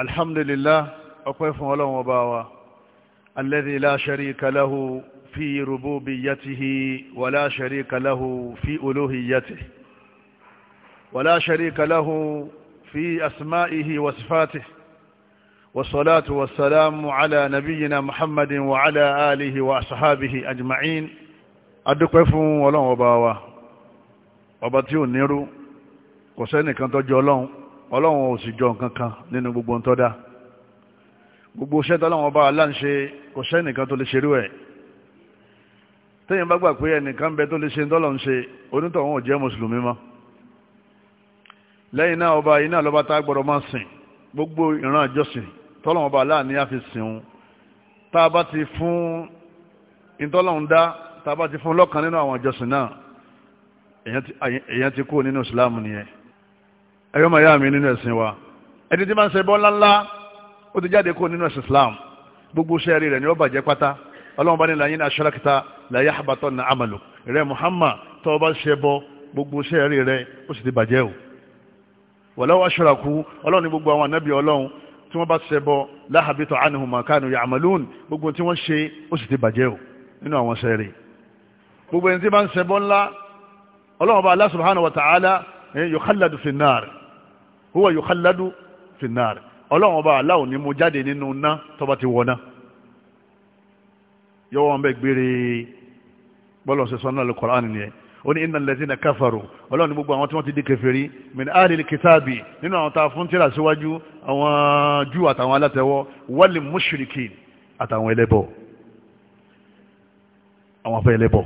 alhamdulillah ọpẹ́ fún ọlọ́run ọba wa alladhi la sharika lahu fi rububiyyatihi wa la sharika lahu fi uluhiyyatihi wa la sharika lahu fi asma'ihi wa sifatihi والصلاة والسلام على نبينا محمد وعلى آله وأصحابه أجمعين adúpẹ́ fún ọlọ́run ọba wa ọba tí ò nírú kò sẹ́nìkan tó ọlọ́run ọlọ́run ò sì jọ nǹkan kan nínú gbogbo ń tọ́dá gbogbo iṣẹ́ tọ́lọ́run ọba aláǹṣe kò sẹ́nìkan tó lè ṣerú ẹ̀ téèyàn bá gbà pé ẹnìkan bẹ tó lè ṣe tọ́lọ́run ṣe onítọ̀hún ò jẹ́ mùsùlùmí mọ́ lẹ́yìn náà ọba iná lọ́ba tá a gbọ́dọ̀ máa sìn gbogbo ìran àjọsìn tọ́lọ́run ọba aláàní á fi sìn un tá a bá ti fún ìtọ́lọ́run dá tá a bá ti fún lọ́kàn nínú àwọn àjọsìn náà èèyàn ti kú nínú ìsìláàmù nìyẹn ẹ̀yọ́ màá yá mi nínú ẹ̀sìn wa ẹni tí máa ń ṣe bọ́ ńláńlá ó ti jáde kó nínú ẹ̀sìn Islam gbogbo sẹ́ẹ̀rì rẹ̀ ni ó bàjẹ́ pátá ọlọ́run bá ní làyín aṣọ́lákítà làyé àbátọ́ ní amalu rẹ̀ Muhammad tó o bá ṣe bọ́ gbogbo sẹ́ẹ̀rì rẹ̀ ó sì ti bàjẹ́ o wọ̀lọ́wọ́ aṣọ́rakú ọlọ́run ní gbogbo àwọn anábì ọlọ́run tí wọ́n bá ṣe bọ́ láhàbítọ̀ ọlọ́run bá Allah subhanahu wa yóò kálàdù fi náà rẹ̀ huwa yukhalladu fi nnar ọlọ́run ọba aláwọ̀ ni mo jáde nínú ná tọ́ba ti wọ̀ ná yọwọ́ wọn bẹ gbére bọ́lọ̀ ṣe sọ́nà al-Qur'an nìyẹn ó ní innal ladhina kafaru ọlọ́run ní gbogbo àwọn tí wọ́n ti di kèfèrí min ahlil kitabi nínú àwọn tá a fún tíra síwájú àwọn jù àtàwọn alátẹ̀wọ́ wal mushrikin àtàwọn ẹlẹ́bọ̀ àwọn afẹ́ ẹlẹ́bọ̀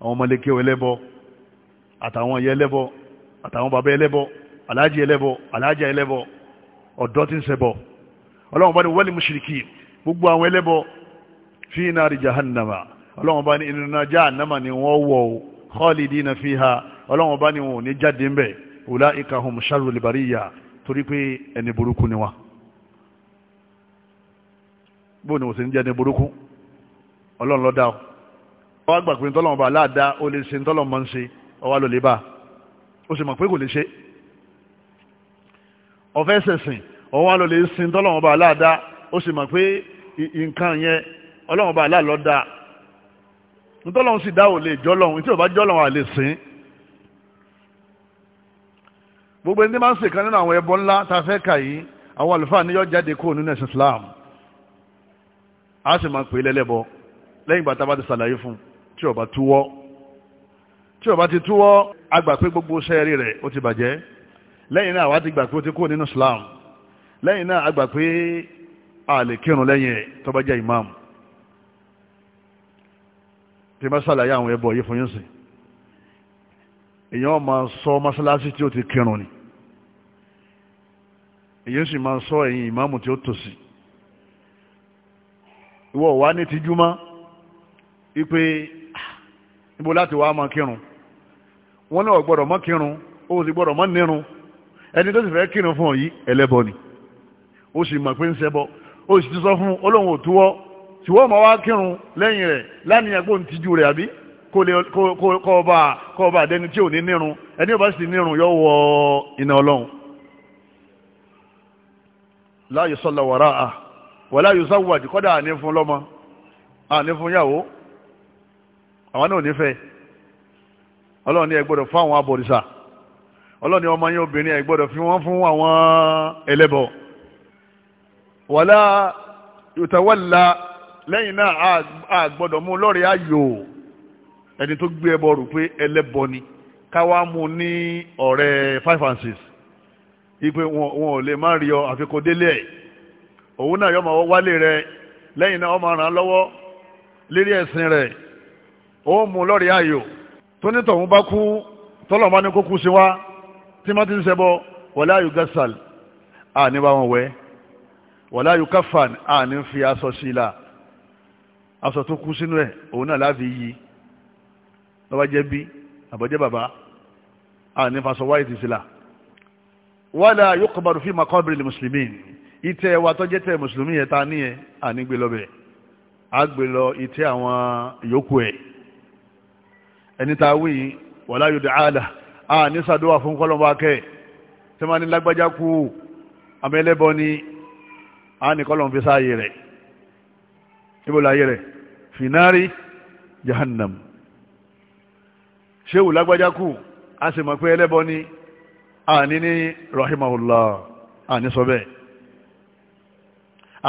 àwọn ọmọlẹ́kẹ́ ẹlẹ́bọ̀ àtàwọn ẹyẹ ẹlẹ́bọ̀ àtàwọn bàbá ẹlẹ́bọ̀ aláàjì ẹlẹ́bọ aláàjì ẹlẹ́bọ ọ̀dọ́ tí ń ṣẹbọ ọlọ́run bá ní wal mushrikin gbogbo àwọn ẹlẹ́bọ fi nari jahannama ọlọ́run bá ní iná jahannama ni wọ́n wọ̀ ọ́ khalidina fiha ọlọ́run bá ní wọn ò ní jáde ń bẹ̀ ulaika hum sharrul bariyya torí pé ẹni burúkú ni wọn bó ni òsè ń jẹ́ ẹni burúkú ọlọ́run lọ́dá ọ wá gbà pé ntọ́lọ́mọba aláàdá ó lè ṣe ntọ́lọ́mọ ń ṣe ọwá ló ọ̀fẹ́ sẹ̀sìn ọ̀wọ́n wa lọ lè sin tọ́lọ́wọ́n bá aláàdá ó sì mọ̀ pé nǹkan yẹn ọlọ́wọ́n bá aláàlọ́ dá nítọ́lọ́wọ́n sì dá ò lè jọ́lọ́wọ́n tí ò bá jọ́lọ́wọ́n à lè sìn gbogbo ẹni máa ń ṣèkan nínú àwọn ẹbọ ńlá tá a fẹ́ kà yìí àwọn àlùfáà níyọ́ jáde kúrò nínú ẹ̀sìn Islam a sì máa pè é lẹ́lẹ́bọ lẹ́yìn ìgbà tá a bá ti ṣàlàyé fún tí ò bá túwọ́ tí ò bá ti túwọ́ a pé gbogbo sẹ́ẹ̀rì rẹ̀ ó ti bàjẹ́ lẹ́yìn náà wá ti gbà pé ó ti kó nínú Islam lẹ́yìn náà a pé a lè kírun lẹ́yìn ẹ̀ jẹ́ imam tí bá sàlàyé àwọn ẹbọ yìí fún yín sí èyàn máa sọ mọ́sálásí tí ó ti kírun ni èyàn sì máa sọ ẹ̀yìn ìmáàmù tí ó tòsí ìwọ wá ní tijú mọ́ ipe ibo ah, láti wá máa kírun wọn náà gbọ́dọ̀ mọ́ kírun ó sì gbọ́dọ̀ mọ́ nírun ẹni tó sì fẹ́ kírun fún ọ yìí ẹlẹ́bọ ni ó sì mọ̀ pé ń ṣẹbọ ó sì ti sọ fún ọlọ́run òtúwọ́ tí wọ́n máa wá kírun lẹ́yìn rẹ̀ lánìyàn kó ń tijú rẹ̀ àbí kó ọba kó ọba àdẹni tí ò ní nírun ẹni ọba sì nírun yọ wọ iná ọlọ́run. láàyè sọlá wàrà à wà láàyè sáwùwàjì kọ́dà àní fún lọ́mọ àní fún yàwó àwọn náà ò ní fẹ́ ọlọ́run ní ẹ gbọ́dọ̀ fún abọ̀rìṣà ọlọ́ni ọmọ yẹn obìnrin ẹ̀ gbọ́dọ̀ fi wọ́n fún àwọn ẹlẹ́bọ wàlá ìtawọ́lá lẹ́yìn náà a gbọ́dọ̀ mú lọ́rẹ̀ ayò ẹni tó gbé ẹbọ rò pé ẹlẹ́bọ ni káwá mú ní ọ̀rẹ́ five and six ipe wọn ò lè má rí ọ àfikún délé ẹ̀ òun náà yọmọ wálé rẹ lẹ́yìn náà ọmọ ràn án lọ́wọ́ lérí ẹ̀sìn rẹ̀ ó mú lọ́rẹ̀ ayò tónítọ̀hún bá kú tọ́lọ̀ bá kó kú sí wa tí wọ́n wala ń ṣẹbọ wọlá ba gẹ́sàl àní bá wọn wẹ́ wọlá yóò káfàn àní fi aṣọ sí i la aṣọ tó kú sínú ẹ̀ òun náà láti yí bàbá jẹ́ bí àbọ̀jẹ́ bàbá àní fasọ wáyé sí i la wọ́lá yóò kọ́bàrú fi makọ́bìrì lè mùsùlùmí ìtẹ́ wa tó jẹ́ tẹ́ mùsùlùmí yẹn ta ní yẹn àní gbé lọ bẹ̀ á gbé lọ ìtẹ́ àwọn yòókù ẹ̀ ẹni tá wí wọlá yóò dé àádá a ní sàdúwà fún kọlọ̀mbà kẹ́ tí ma ní lágbájá kú amẹ́lẹ́bọ ni a ní kọlọ̀m fi rẹ̀ níbòlá ayé rẹ̀ finari jahannam ṣéwù lágbájá kú a sì mọ̀ pé ẹlẹ́bọ ni a ní ní rahimahullah a ní sọ bẹ́ẹ̀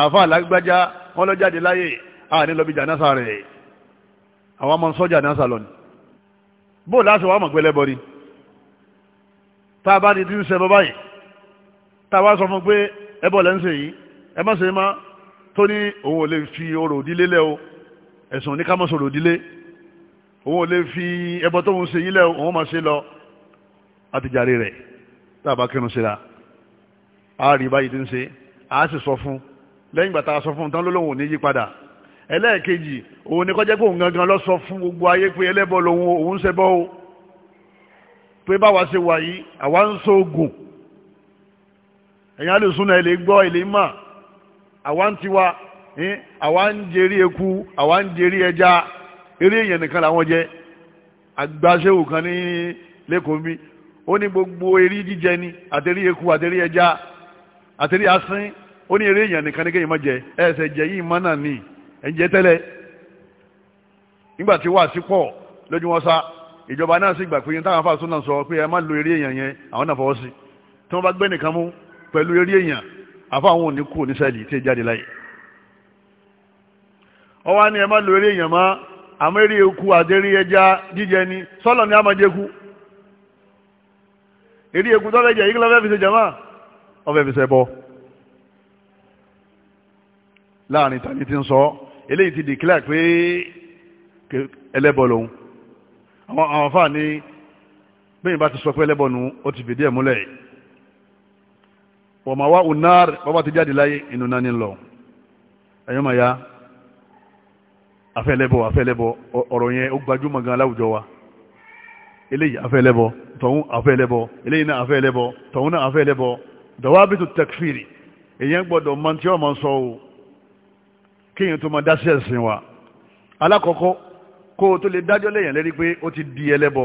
àfa lágbájá wọ́n lọ jáde láyé a ní lọ bí jànásà rẹ̀ àwọn ọmọ sọ́jà náà sàlọ́ni bóòlù àti wàá mọ̀ pé ẹlẹ́bọ ni tá a bá di tí ń ṣe bàbá yìí tá a wá sọ fún pé ẹbọ lẹ́ ń ṣe yìí ẹ má ṣe má tó ní òun ò lè fi orò òdílé lẹ́ o ẹ̀sùn ní ká má sọ̀rọ̀ òdílé òun ò lè fi ẹbọ tó ń ṣe yìí lẹ́ o òun má ṣe lọ àtijàre rẹ̀ tá a bá kírun sí la a rí báyìí tí ń ṣe a sì sọ fún lẹ́yìn ìgbà tá a sọ fún tán lólóhùn ò ní yí padà ẹlẹ́ẹ̀kejì òun ni kọ́jẹ́ pé òun gangan lọ sọ fún gbogbo ayé pé ẹlẹ́bọ lòun òun ṣẹbọ o pé báwa ṣe wà yìí àwa ń sóògùn ẹ̀yin alùsùnà ilé gbọ́ ilé mà àwa ń tiwa àwa ń jerí eku àwa ń jerí ẹja eré èèyàn nìkan làwọn jẹ àgbàṣẹ́wò kan ní lẹ́kọ̀ọ́ mi ó ní gbogbo eré jíjẹ ni àtẹ̀rí eku àtẹ̀rí ẹja àtẹ̀rí asín ó ní eré èèyàn nìkan ní kéèyàn má jẹ ẹsẹ̀ jẹ yìí má náà ní ẹ̀jẹ̀ tẹ́lẹ̀ nígbà tí wàá pọ̀ lójú wọn sá ìjọba náà sì gbà pé táwọn afáàsó náà sọ pé ẹ má lo eré èèyàn yẹn àwọn náà fọwọ́ sí tí wọ́n bá gbé nìkan mú pẹ̀lú eré èèyàn àfáwọn òní kú ní sẹ́ẹ̀lì tí ì jáde láyé wọ́n wá ní ẹ má lo eré èèyàn mọ́ àmọ́ eré eku àdérí ẹja jíjẹ ni sọ́lọ̀ ni a máa jẹ́kú eré eku tó fẹ́ jẹ yìí kí ló fẹ́ fi ṣe jàmá ọfẹ́ fi ṣe bọ́ láàrin tani ti ń sọ eléyìí ti dìkílà pé ẹlẹ́bọ̀ lòun àwọn àwọn àfáà ní bẹ́yìn bá ti sọ pé lẹ́bọ̀nù ó ti fìdí ẹ̀ múlẹ̀ wọ̀n máa wá unar bàbá ti jáde láyé inú náà ní lọ ẹ̀yọ́ máa ya afẹ́lẹ́bọ̀ afẹ́lẹ́bọ̀ ọ̀rọ̀ yẹn ó gbajúmọ̀ gan láwùjọ wa eléyìí afẹ́lẹ́bọ̀ tọ̀hún afẹ́lẹ́bọ̀ eléyìí náà afẹ́lẹ́bọ̀ tọ̀hún náà afẹ́lẹ́bọ̀ dawabitu takfiri èyàn gbọ́dọ̀ mọ̀ tí wọ́n máa sọ o kéèyàn tó máa dá sí ẹ̀sìn wa alákọ̀ọ́kọ́ kó o tó lè dájọ́ lẹ́yìn lẹ́rí pé ó ti di ẹlẹ́bọ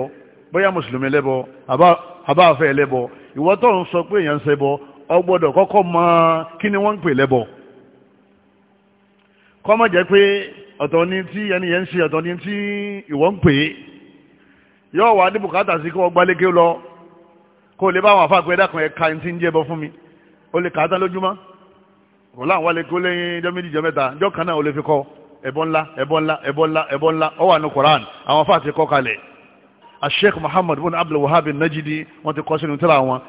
bóyá mùsùlùmí ẹlẹ́bọ àbáfẹ́ ẹlẹ́bọ ìwọ tó ń sọ pé èèyàn ń ṣẹbọ o gbọ́dọ̀ kọ́kọ́ mọ kí ni wọ́n ń pè lẹ́bọ kó má jẹ́ pé ọ̀tọ̀ ni tí ẹni yẹn ń ṣe ọ̀tọ̀ ni tí ìwọ ń pè é yóò wá ní bùkátà sí kó o gbálékè lọ kó o lè bá àwọn afáàpẹ́ dákan ẹ̀ka ẹni tí ń jẹ́ bọ fún mi o lè kà á tán lójúmọ́ kò láwọn wálé kó lẹ́yìn jọ́ méjì jọ́ mẹ́ta jọ́ kan náà o lè fi kọ́ ọ ẹbọ ńlá ẹbọ ńlá ẹbọ ńlá ẹbọ ńlá ó wà ní Quran àwọn afá àti kọkalẹ̀ Sheikh Muhammad bin Abdul Wahhab Najidi wọ́n ti kọ́ sínú tíra wọn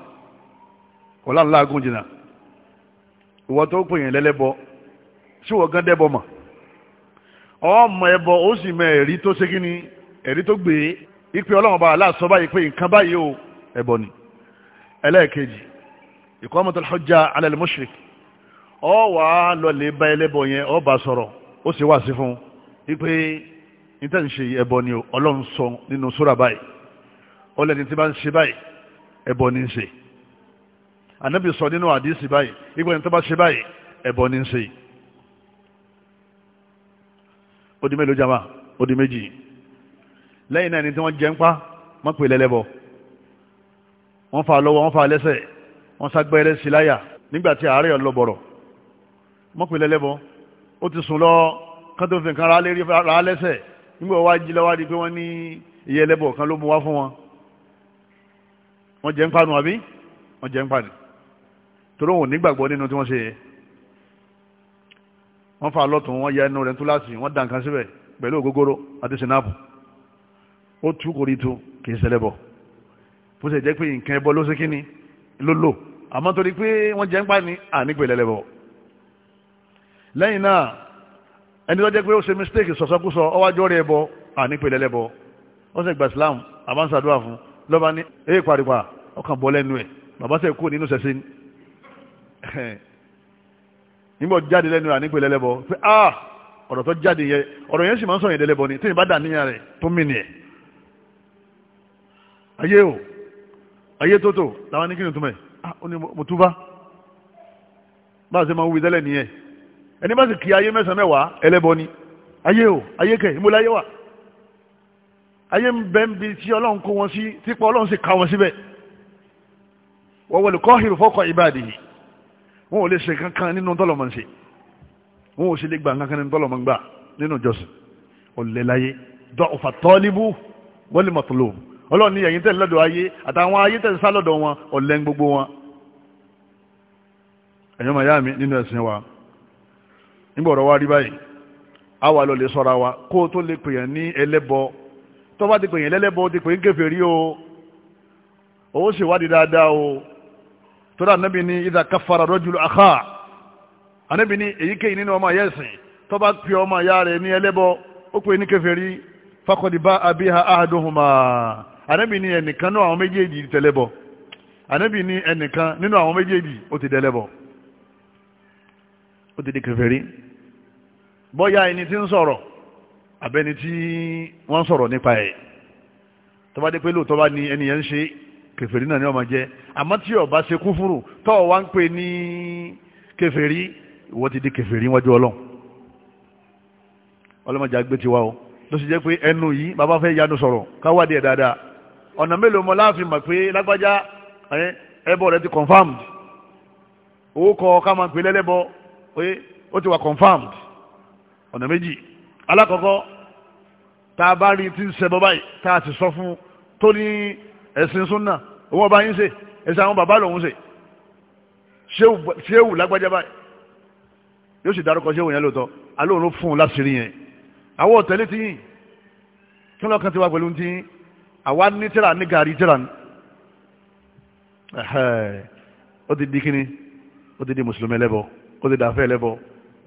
ọ̀là ńlá agún jìnnà ìwọ tó pè yẹn lẹ́lẹ́bọ sí wọ́n gán dẹ́bọ mọ̀ ọmọ ẹbọ ó sì mọ ẹ̀rí tó ṣe kíni ẹ̀rí tó gbé ipe Ọlọ́run bá aláàsọ pé nǹkan báyìí o ẹbọ ni ẹlẹ́ẹ̀kejì iqamatul hujja ala mushrik ọ wàá lọ lè bá ẹlẹ́bọ yẹn ọ bá sọ̀rọ̀ ó sì wá sí fún wípé níta ń ṣe ẹbọ ni ọlọ́run sọ nínú sóra báyìí ọlẹ́ni tí bá ń ṣe báyìí ẹbọ ni ń ṣe ànábì sọ nínú àdìsí báyìí wípé ní tó bá ṣe báyìí ẹbọ ni ń ṣe ó di mélòó jama ó di méjì lẹ́yìn náà ni tí wọ́n jẹ́ ń pa wọ́n pè lẹ́lẹ́bọ wọ́n fa lọ́wọ́ wọ́n fa lẹ́sẹ̀ wọ́n ságbẹ́rẹ́ sí láyà nígbà tí àárẹ̀ ọlọ́bọ̀rọ̀ wọ́n ó ti sùn lọ kán tó fi nǹkan ra lẹ́sẹ̀ nígbà wá jí lọ́wọ́ di pé wọ́n ní iye ẹlẹ́bọ̀ kan ló mú wá fún wọn wọ́n jẹ́ ń panu àbí wọ́n jẹ́ ń pani torí òun nígbàgbọ́ nínú tí wọ́n ṣe yẹ wọ́n fa lọ́tún wọ́n ya ẹnu rẹ̀ túláàsì wọ́n dà nǹkan síbẹ̀ pẹ̀lú ògógóró àti sinapu ó tú kò tu kì í ṣẹlẹ̀ bọ̀ bó ṣe jẹ́ pé nǹkan ẹbọ ló ṣe kíni ló àmọ́ torí pé wọ́n jẹ́ ń pani ànípẹ̀lẹ́lẹ́bọ̀ lẹ́yìn náà ẹni tó jẹ́ pé ó ṣe mistake sọ̀sọ́kúsọ ọwájọ́ rẹ̀ ẹbọ ànípele lẹ́bọ ó sì gba Islam àbánsàdúrà fún lọ́ba ní èyí paripa ọkàn bọ́ lẹ́nu ẹ̀ bàbá sẹ́ kú nínú sẹ́sìn nígbà jáde lẹ́nu ànípele lẹ́bọ pé ah ọ̀rọ̀ tó jáde yẹ ọ̀rọ̀ yẹn sì máa ń sọ̀yìn délẹ́bọ ni tí ìbá dà níyà rẹ̀ tó mì nìyẹn ayé o ayé tótó làwọn ní kí ni túmẹ̀ ah ó ní mo túbá bá a ṣe máa ń wí tẹ́lẹ̀ nìyẹn ẹni bá sì kí ayé mẹ́sàn-án mẹ́wàá ẹlẹ́bọ ni ayé o ayé kẹ ìmúlẹ̀ ayé wà ayé ń bẹ ń bi tí ọlọ́run kó wọn sí típọ̀ ọlọ́run sì ká wọn síbẹ̀ wọ́n wọlé kọ́ hìrù fọ́kọ̀ ìbáàdìhì wọn ò lè ṣe kankan nínú tọ́lọ̀mọ̀ ń ṣe wọn ò sì lè gbà kankan nínú tọ́lọ̀mọ̀ gbà nínú jọ́sìn ọ̀lẹ́láyé dọ́ọ̀fà tọ́líbù wọ́lé mọ̀tòló ọlọ́run ní ẹ̀yìn mi nínú ẹ̀sìn wa nígbà ọ̀rọ̀ wa rí báyìí a wà lọ lè sọ́ra wa kó o tó lè pèèyàn ní ẹlẹ́bọ tó bá ti pèèyàn lẹ́lẹ́bọ ó ti pè ń kèfèrí o ó sì wádìí dáadáa o tọ́lá anábì ní ìdá káfàrà rọ́jùlọ àká anábì ní èyíkéyìí nínú ọmọ ayé ẹ̀sìn tó bá pè ọmọ ìyá rẹ̀ ní ẹlẹ́bọ ó pè ní kèfèrí fakọ̀dìbá abiha ahaduhuma anábì ní ẹnìkan nínú àwọn méjèèjì tẹ̀lẹ́bọ anábì ní ẹnìkan nínú àwọn méjèèjì ó ti dẹ̀lẹ́bọ ó ti di kèfèrí bọ́yá ẹni tí ń sọ̀rọ̀ àbẹ́ni tí wọ́n sọ̀rọ̀ nípa ẹ̀ tó bá dé pé lóòótọ́ bá ní ẹni yẹn ń ṣe kèfèrí náà ni ọmọ jẹ́ àmọ́ tí ó bá ṣe kúfúrù tó wá ń pè ní kèfèrí ìwọ ti di kèfèrí wájú ọlọ́run ọlọ́mọdé àgbẹ̀ ti wá o ló sì jẹ́ pé ẹnu yìí bàbá fẹ́ yanu sọ̀rọ̀ káwádìí ẹ̀ dáadáa ọ̀nà mélòó mọ́ láàfin mọ̀ pé lágbájá ẹbọ rẹ ti confirmed owó kọ ká máa pè lẹ́lẹ́bọ ó ti wà confirmed ọ̀nà méjì alákọ̀ọ́kọ́ tá a bá rí tí ń ṣẹbọ báyìí tá a ti sọ fún tó ní ẹ̀sìn súnà òun ọba yín ṣe ẹ̀sìn àwọn bàbá lòun ṣe ṣéwù lágbájá báyìí yóò sì dárúkọ ṣéwù yẹn lóòótọ́ alóòrùn ló fún un láṣìírí yẹn àwọn ọ̀tẹ́lẹ̀ ti yìn kí wọ́n kàn ti wá pẹ̀lú ti yìn àwa ní tíra ní gàrí tíra ní ó ti di kíni ó ti di mùsùlùmí ẹlẹ́bọ ó ti dàfẹ́ ẹlẹ́bọ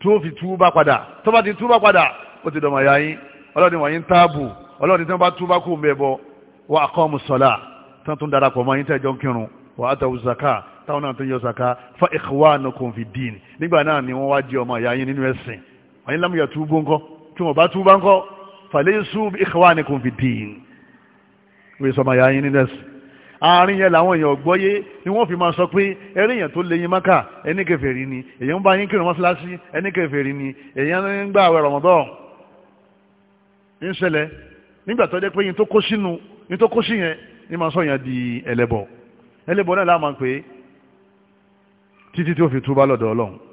tó fi túbá padà tó bá ti túbá padà ó ti dọ̀mọ̀ ya yín ọlọ́ni wọ̀nyí ń táàbù ọlọ́ni tí wọ́n bá túbá kú mẹ́ bọ́ wọ́n aqamu sọ̀lá tán tún darapọ̀ mọ́ yín tẹ́jọ́ ń kírun wọ́n àtàwù zaka táwọn náà tún yọ zaka fa ikhwanukum fi din nígbà náà ni wọ́n wá di ọmọ ya yín nínú ẹ̀sìn wọ́n yín lámúyà túbú ńkọ́ tí wọ́n bá túbá ńkọ́ falaysu bi ikhwanikum fi din wọ́n yẹ sọmọ ya yín nínú ẹ̀sìn àárín yẹn làwọn èèyàn gbọ́yé ni wọ́n fi máa sọ pé eréyàn tó léyìn mọ́kà ẹni kèfèrí ni èèyàn ń bá yín kírun mọ́ṣáláṣí ẹni kèfèrí ni èèyàn ń gbà àwẹ̀ Ramadan ń ṣẹlẹ̀ nígbà tó jẹ́ pé yín tó kó sínú yín tó kó sí yẹn ni máa sọ yẹn di ẹlẹ́bọ ẹlẹ́bọ náà láà máa pè é títí tí ó fi túbá lọ́dọ̀ Ọlọ́run